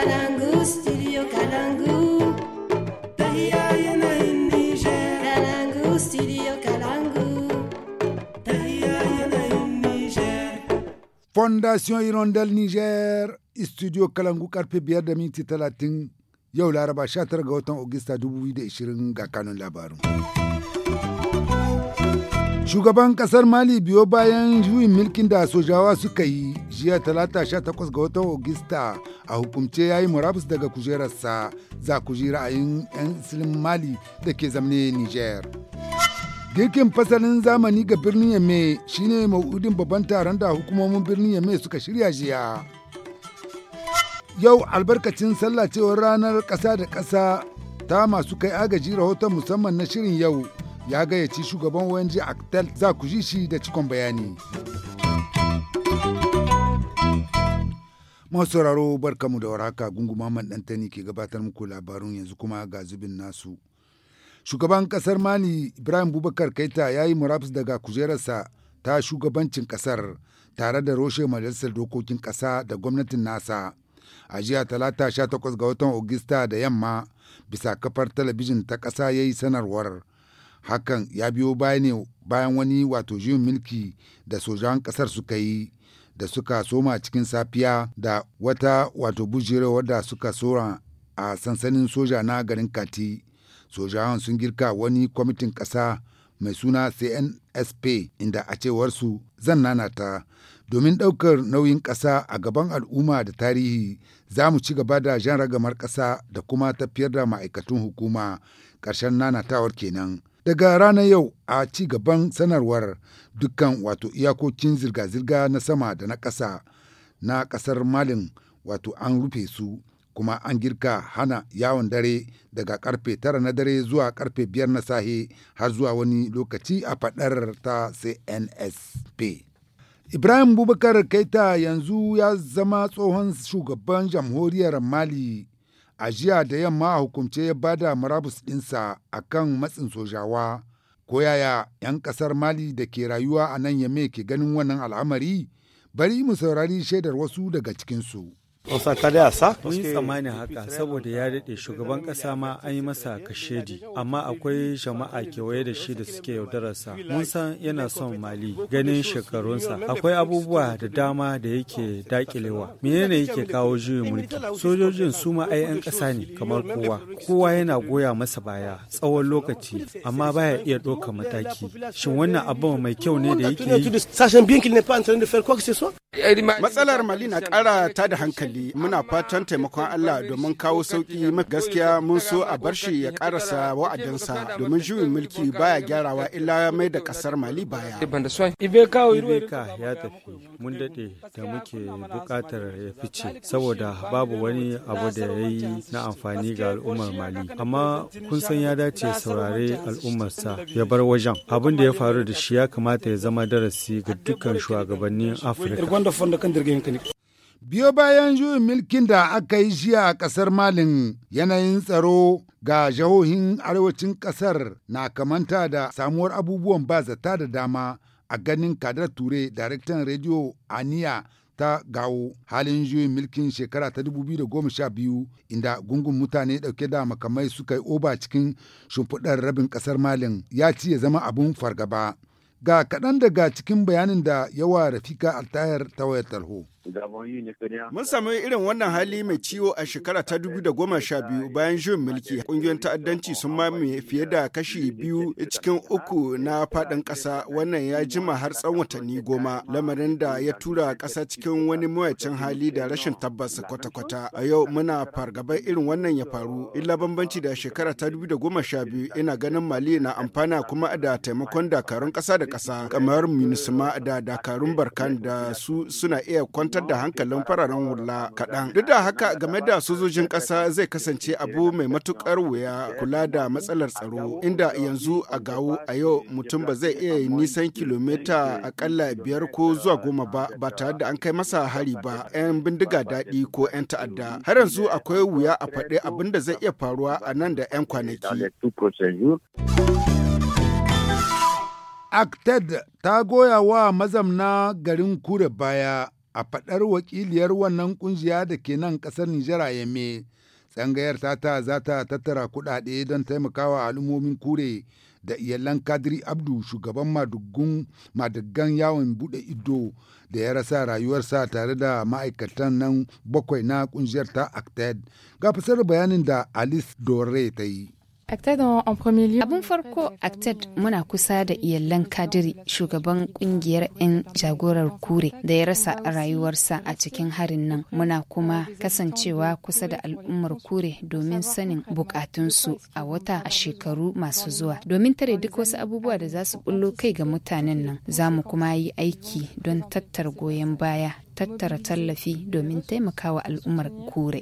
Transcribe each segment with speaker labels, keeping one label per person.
Speaker 1: Kalangu, studio Kalangu. Tahiya Kalangu, studio Kalangu.
Speaker 2: Fondation Hirondelle Niger, studio Kalangu karfe biyar da minti talatin yau Laraba 19 ga watan Agusta 2020 ga kanun labarin. Shugaban kasar Mali biyo bayan juyin milkin da sojawa suka yi jiya talata 18 ga watan Ogista a hukumce ya yi murabus daga kujerarsa za ku ji ra'ayin 'yan silin Mali da ke zamne Niger. Girkin fasalin zamani ga birnin Yame shine ma'udin babban taron da hukumomin birnin Yame suka shirya jiya. Yau albarkacin sallacewar ranar ƙasa da ƙasa ta masu kai agaji rahoton musamman na shirin yau ya gayyaci shugaban wanji Actel za ku ji shi da cikon bayani. Masu sauraro barkamu da warhaka gunguma man ɗantani ke gabatar muku labarun yanzu kuma ga zubin nasu. Shugaban kasar Mali Ibrahim Bubakar Kaita ya yi murabus daga kujerarsa ta shugabancin kasar tare da roshe majalisar dokokin kasa da gwamnatin nasa. a jiya talata 18 ga watan Ogista da yamma bisa kafar talabijin ta kasa ya yi sanarwar hakan ya biyo ne bayan wani wato juyin mulki da sojan ƙasar suka yi da suka soma cikin safiya da wata wato bujirewar da suka sora a sansanin soja na garin kati sojan sun girka wani kwamitin ƙasa mai suna cnsp inda a cewarsu zan nanata domin ɗaukar nauyin ƙasa a gaban al'umma da tarihi za mu ci gaba da jan ragamar ƙasa da kuma tafiyar da ma'aikatun hukuma ƙarshen nanatawar kenan daga ranar yau a ci gaban sanarwar dukkan wato iyakokin zirga-zirga na sama da na ƙasa na ƙasar malin wato an rufe su kuma an girka hana yawon dare daga karfe tara na dare zuwa karfe biyar na sahe har zuwa wani lokaci a fadar ta cnsp ibrahim bubakar kaita yanzu ya zama tsohon shugaban jamhuriyar mali a jiya da yamma a hukumce ya bada murabus ɗinsa a kan matsin sojawa ko yaya 'yan ƙasar mali da ke rayuwa a nan yame ke ganin wannan al'amari bari mu saurari shaidar wasu daga cikinsu.
Speaker 3: da Mun yi tsammanin haka
Speaker 4: saboda ya daɗe shugaban ƙasa ma an yi masa kashedi, amma akwai jama'a kewaye da shi da suke yaudararsa. Mun san yana son Mali ganin shekarunsa. Akwai abubuwa da dama da yake daƙilewa. Menene yake kawo juyin mulki? Sojojin su ma ai ƙasa ne kamar kowa. Kowa yana goya masa baya tsawon lokaci, amma baya iya ɗaukar mataki. Shin wannan abin mai kyau
Speaker 1: ne da yake yi? Matsalar Mali na ƙara ta da hankali muna fatan taimakon Allah domin kawo sauƙi gaskiya mun so a bar shi ya ƙarasa wa'adinsa domin juyin mulki baya gyarawa illa mai da ƙasar Mali baya.
Speaker 4: Ibeka ya tafi mun daɗe da muke buƙatar ya fice saboda babu wani abu da ya yi na amfani ga al'ummar Mali. Amma kun san ya dace saurare al'ummarsa ya bar wajen. Abin da ya faru da shi ya kamata ya zama darasi ga dukkan shugabannin Afirka. fonda kan dirgin biyo bayan
Speaker 2: juyin milkin da aka yi jiya a kasar malin yanayin tsaro ga jahohin arewacin kasar na kamanta da samuwar abubuwan ba zata da dama a ganin kadar ture daraktan rediyo aniya ta gawo halin juyin milkin shekara ta 2012 inda gungun mutane dauke da makamai suka yi oba cikin shimfiɗar rabin kasar malin ya ci ya zama abin fargaba Ga kaɗan daga cikin bayanin da yawa Rafika Altayar ta wayar tarho.
Speaker 1: Mun samu irin wannan hali mai ciwo a shekara ta biyu bayan juyin mulki. Ƙungiyoyin ta'addanci sun mamaye fiye da kashi biyu cikin uku na faɗin ƙasa wannan ya jima har tsawon watanni goma lamarin da ya tura ƙasa cikin wani mawacin hali da rashin tabbas kwata-kwata. A yau muna fargaba irin wannan ya faru illa bambanci da shekara ta biyu ina ganin Mali na amfana kuma da taimakon dakarun ƙasa da ƙasa kamar Minisma da dakarun Barkan da su suna iya kwanta kwantar da hankalin fararen hula kaɗan. Duk da haka game da sojojin ƙasa zai kasance abu mai matuƙar wuya kula da matsalar tsaro inda yanzu a gawo a yau mutum ba zai iya nisan kilomita akalla biyar ko zuwa goma ba ba tare da an kai masa hari ba 'yan bindiga daɗi ko 'yan ta'adda. Har yanzu akwai wuya a faɗi abin da zai iya faruwa a nan da 'yan kwanaki. Acted ta
Speaker 2: goya wa mazamna garin kure baya a faɗar wakiliyar wannan kungiya da ke nan ƙasar Nijar a Yamme, tsangayar ta za ta tattara kuɗaɗe don taimakawa al'ummomin kure da iyalan kadiri abdu shugaban madaggan yawon buɗe ido da ya rasa rayuwarsa tare da ma'aikatan nan bakwai na kungiyar ta acted ga fasar bayanin da alice dore ta yi
Speaker 3: Abun farko Acted muna kusa da iyalan Kadiri shugaban kungiyar 'yan jagorar kure da ya rasa rayuwarsa a cikin harin nan muna kuma kasancewa kusa da al'ummar kure domin sanin bukatunsu a wata a shekaru masu zuwa domin tare duk wasu abubuwa da za su bullo kai ga mutanen nan za mu kuma yi aiki don tattar goyon baya tattara tallafi domin taimakawa al'ummar kure.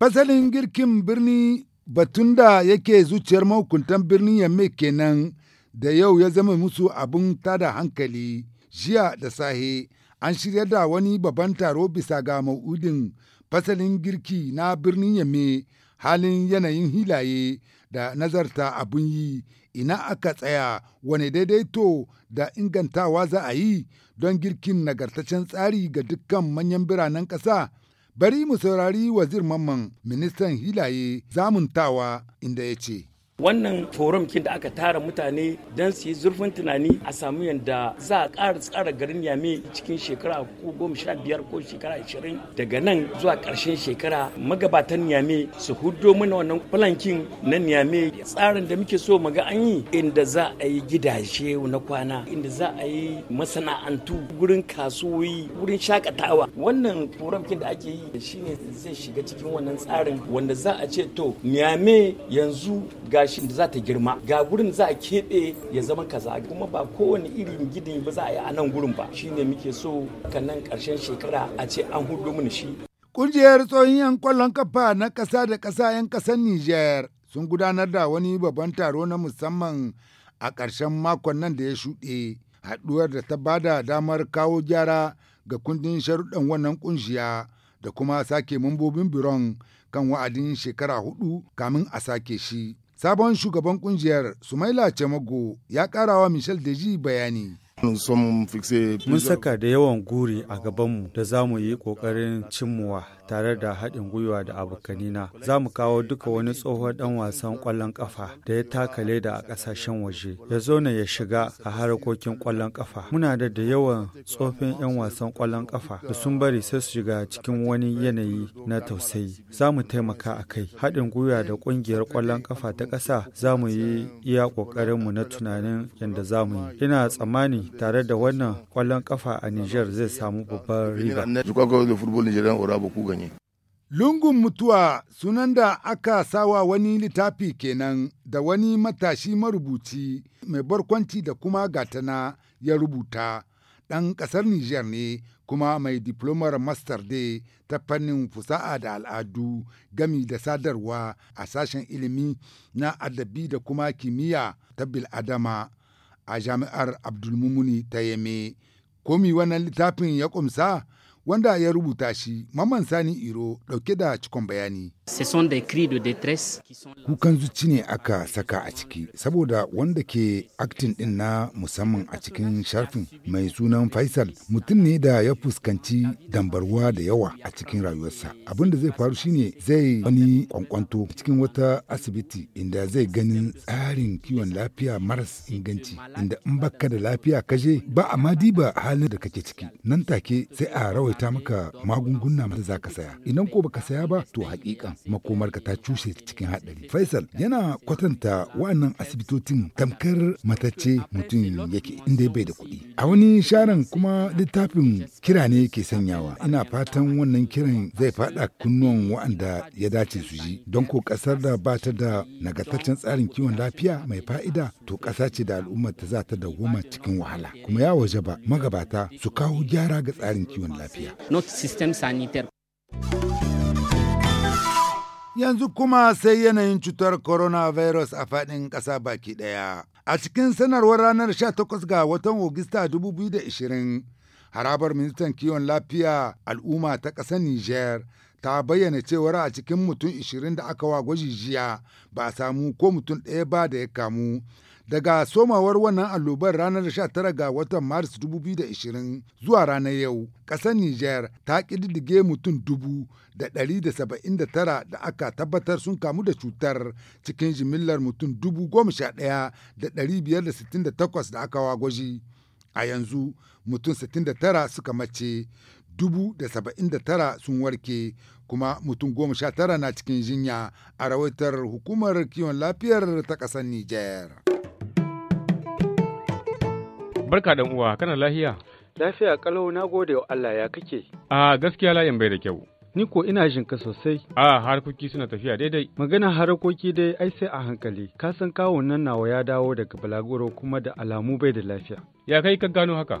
Speaker 2: Fasalin girkin birni batun da yake zuciyar mahukuntan birnin Yamme kenan da yau ya zama musu abin tada hankali jiya da sahe an shirya da wani babban taro bisa ga ma'udin fasalin girki na birnin Yamme halin yanayin hilaye da nazarta abun yi ina aka tsaya wani daidaito da ingantawa za a yi don girkin nagartaccen tsari ga dukkan manyan biranen ƙasa Bari mu saurari wazir mamman ministan hilaye zamuntawa inda
Speaker 1: ya ce. wannan forum kin da aka tara mutane don su yi zurfin tunani a samu yadda za a ƙara tsara garin yame cikin shekara ko goma sha biyar ko shekara ashirin daga nan zuwa ƙarshen shekara magabatan yame su hudo mana wannan plankin na yame tsarin da muke so muga an yi inda za a yi gidaje na kwana inda za a yi masana'antu gurin kasuwoyi wurin shakatawa wannan forum kin da ake yi shine zai shiga cikin wannan tsarin wanda za a ce to yame yanzu ga shi da za ta girma ga gurin za a keɓe ya zama kaza kuma ba kowane irin gini ba za a yi a nan gurin ba shine muke so nan ƙarshen shekara a ce an hudu mini shi.
Speaker 2: Kungiyar tsohon 'yan kwallon kafa na ƙasa da ƙasa 'yan ƙasar Nijar sun gudanar da wani babban taro na musamman a ƙarshen makon nan da ya shuɗe haɗuwar da ta bada damar kawo gyara ga kundin sharuɗan wannan ƙunshiya da kuma sake mambobin biron kan wa'adin shekara hudu kamin a sake shi. Sabon shugaban kungiyar Sumaila Cemago ya wa Michel Deji bayani.
Speaker 4: Mun saka da yawan guri a gabanmu da za mu yi ƙoƙarin cimmuwa tare da haɗin gwiwa da abokanina. Za mu kawo duka wani tsohon ɗan wasan ƙwallon ƙafa da ya takale da a ƙasashen waje. Ya zo na ya shiga a harkokin ƙwallon ƙafa. Muna da da yawan tsofin 'yan wasan ƙwallon ƙafa da sun bari sai su shiga cikin wani yanayi na tausayi. Za mu taimaka a kai. Haɗin gwiwa da ƙungiyar ƙwallon ƙafa ta ƙasa za mu yi iya ƙoƙarinmu na tunanin yadda za mu yi. Ina tsammani tare da wannan kwallon kafa a niger zai samu babbar riba.
Speaker 2: Lungun mutuwa sunan da aka sawa wani littafi kenan da wani matashi marubuci mai barkwanci da kuma gatana ya rubuta ɗan ƙasar niger ne kuma mai diplomar master day ta fannin fusa'a da al'adu gami da sadarwa a sashen ilimi na adabi da kuma kimiyya ta bil'adama a jami'ar Abdulmumuni ta Yeme. Komi wannan littafin ya kumsa wanda ya rubuta shi Maman Sani Iro dauke da cikon bayani. Kukan zuci ne aka saka a ciki, saboda wanda ke aktin ɗin na musamman a cikin sharfin mai sunan Faisal mutum ne da ya fuskanci dambarwa da yawa a cikin rayuwarsa. Abin da zai faru shine zai wani kwankwanto cikin wata asibiti inda zai ganin tsarin kiwon lafiya maras inganci, inda in baka da lafiya kaje ba a ma diba halin da kake ciki. Nan take sai a rawaita maka magunguna saya. Idan ko baka saya ba to hakikan makomarka ta cushe cikin haɗari. Faisal yana kwatanta wa'annan asibitocin tamkar matacce mutum yake inda bai da kuɗi. A wani sharan kuma littafin kira ne ke sanyawa. Ina fatan wannan kiran zai faɗa kunnuwan wa'anda ya dace su ji. Don ko ƙasar da ba ta da nagartaccen tsarin kiwon lafiya mai fa'ida to ƙasa ce da al'ummar ta za ta dawoma cikin wahala. Kuma ya waje ba magabata su kawo gyara ga tsarin kiwon lafiya. Not
Speaker 1: system sanitaire.
Speaker 2: Yanzu kuma sai yanayin cutar coronavirus a faɗin ƙasa baki ɗaya. A cikin sanarwar ranar 18 ga watan Ogista 2020, harabar ministan kiwon lafiya al'umma ta ƙasar Nijar ta bayyana cewar a cikin mutum 20 da aka wa gwaji jiya ba a samu ko mutum ɗaya ba da ya kamu daga somawar wannan allobar ranar 19 ga watan maris 2020 zuwa ranar yau ƙasar niger ta ƙididdige mutum dubu da 179 da aka tabbatar sun kamu da cutar cikin jimillar mutum dubu goma sha 11,568 da aka wa gwaji a yanzu mutum 69 suka mace dubu da saba'in da tara sun warke kuma mutum goma sha tara na cikin jinya a rawaitar hukumar kiwon lafiyar ta ƙasar Nijar.
Speaker 4: Barka dan uwa kana lahiya? Lafiya kalau na gode wa Allah ya kake. A gaskiya layin bai da kyau. Ni ko ina jin ka sosai. A harkoki suna tafiya daidai. Magana harkoki dai ai sai a hankali. Ka san kawon nan nawa ya dawo daga balagoro kuma da alamu bai da lafiya. Ya kai ka gano haka?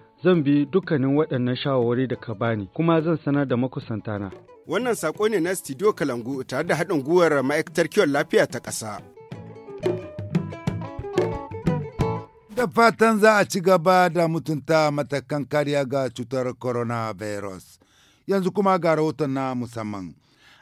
Speaker 4: zan bi dukkanin waɗannan shawarwari da ka bani kuma zan sanar da makusantana.
Speaker 1: Wannan saƙo ne na Studio Kalangu tare da haɗin gwiwar ma'aikatar kiwon lafiya ta ƙasa.
Speaker 2: Da fatan za a ci gaba da mutunta matakan kariya ga cutar coronavirus. Yanzu kuma ga rahoton na musamman.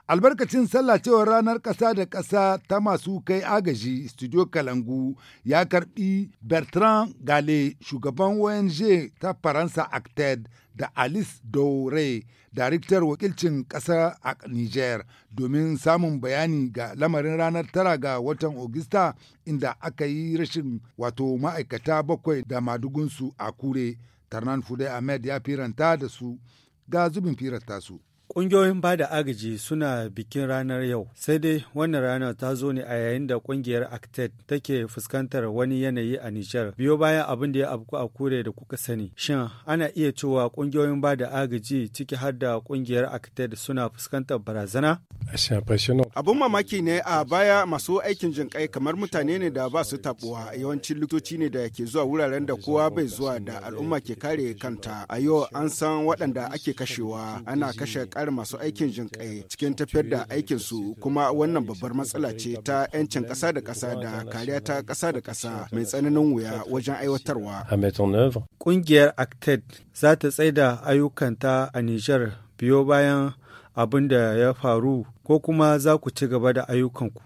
Speaker 2: albarkacin sallacewar ranar ƙasa da ƙasa ta masu kai agaji studio kalangu ya karbi bertrand gale shugaban ong ta faransa acted da alice dore daraktar wakilcin ƙasa a niger domin samun bayani ga lamarin ranar tara ga watan Ogista, inda aka yi rashin wato ma'aikata bakwai da madugunsu a kure tarnan fude ahmed ya firanta da su ga zubin firanta su
Speaker 4: Ƙungiyoyin ba da agaji suna bikin ranar yau, sai dai wannan ranar ta zo ne a yayin da ƙungiyar Acted take fuskantar wani yanayi a Nijar. Biyo bayan abin da ya abu a kure da kuka sani. Shin ana iya cewa ƙungiyoyin ba da agaji ciki har da ƙungiyar Acted suna fuskantar barazana?
Speaker 1: Abin mamaki ne a baya masu aikin jinƙai kamar mutane ne da ba su taɓuwa yawancin likitoci ne da ke zuwa wuraren da kowa bai zuwa da al'umma ke kare kanta. A yau an san waɗanda ake kashewa ana kashe ƙara masu mm, aikin jin kai cikin tafiyar da aikin su kuma wannan babbar matsala ce ta 'yancin ƙasa da ƙasa da kariya ta ƙasa da ƙasa mai tsananin wuya wajen aiwatarwa.
Speaker 4: Ƙungiyar Acted za ta tsaida ayyukanta a Nijar biyo bayan abin da ya faru ko kuma za ku ci gaba da ayyukanku.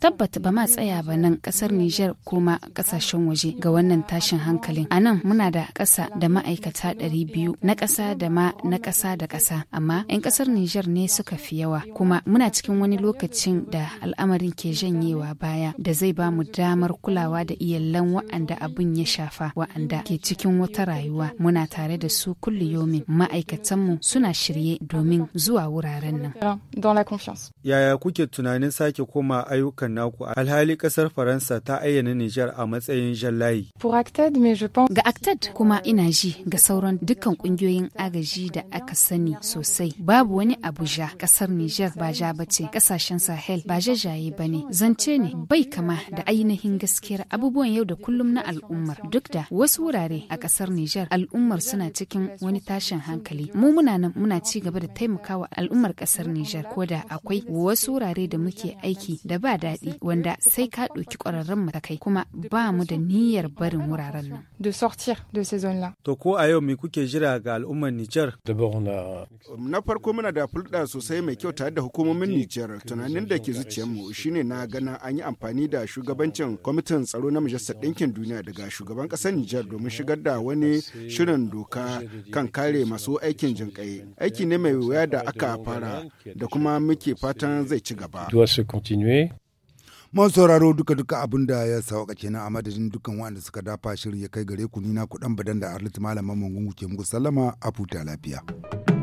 Speaker 3: Tabbata ba ma tsaya ba nan ƙasar Nijar ko ma ƙasashen waje ga wannan tashin hankalin. A nan muna da ƙasa da ma'aikata ɗari biyu na ƙasa da ma na ƙasa da ƙasa amma 'yan ƙasar Nijar ne suka fi yawa kuma muna cikin wani lokacin da al'amarin ke janyewa baya da zai ba mu damar kulawa da iyalan wa'anda abin ya shafa wa'anda ke cikin wata rayuwa muna tare da su kulliyomin ma'aikatanmu suna shirye domin zuwa wuraren nan. dans la confiance.
Speaker 4: Yaya kuke tunanin sake koma ayyukan naku alhali kasar Faransa ta ayyana Nijar a matsayin jallayi?
Speaker 3: Pour Acted, mais je pense... Ga Acted kuma ina ji ga sauran dukkan kungiyoyin agaji da aka sani sosai. Babu wani Abuja kasar Nijar ba ja bace kasashen Sahel ba jajaye ba ne. Zance ne bai kama da ainihin gaskiyar abubuwan yau da kullum na al'ummar. Duk da wasu wurare a kasar Nijar al'ummar suna cikin wani tashin hankali. Mu muna nan muna ci gaba da taimakawa al'ummar kasar Nijar ko da akwai wasu wurare da muke aiki da ba daɗi wanda sai ka ɗauki ƙwararren matakai kuma ba mu da niyyar barin wuraren nan. De sortir de ces zones
Speaker 4: To ko
Speaker 1: a yau me kuke
Speaker 4: jira ga al'ummar Nijar?
Speaker 1: Na farko muna da fulɗa sosai mai kyau tare da hukumomin Nijar tunanin da ke zuciyarmu shine na gana an yi amfani da shugabancin kwamitin tsaro na Majalisar Ɗinkin Duniya daga shugaban ƙasar Nijar domin shigar da wani shirin doka kan kare masu aikin jinƙai. Aiki ne mai wuya da aka fara da kuma muke fatan zai ci gaba.
Speaker 2: masu sauraro duka-duka abin da ya sauka kenan a madadin dukan waɗanda suka dafa shirin ya kai gare ku nina kuɗan badan da Arlit Malam Mamman ke muku sallama a futa lafiya.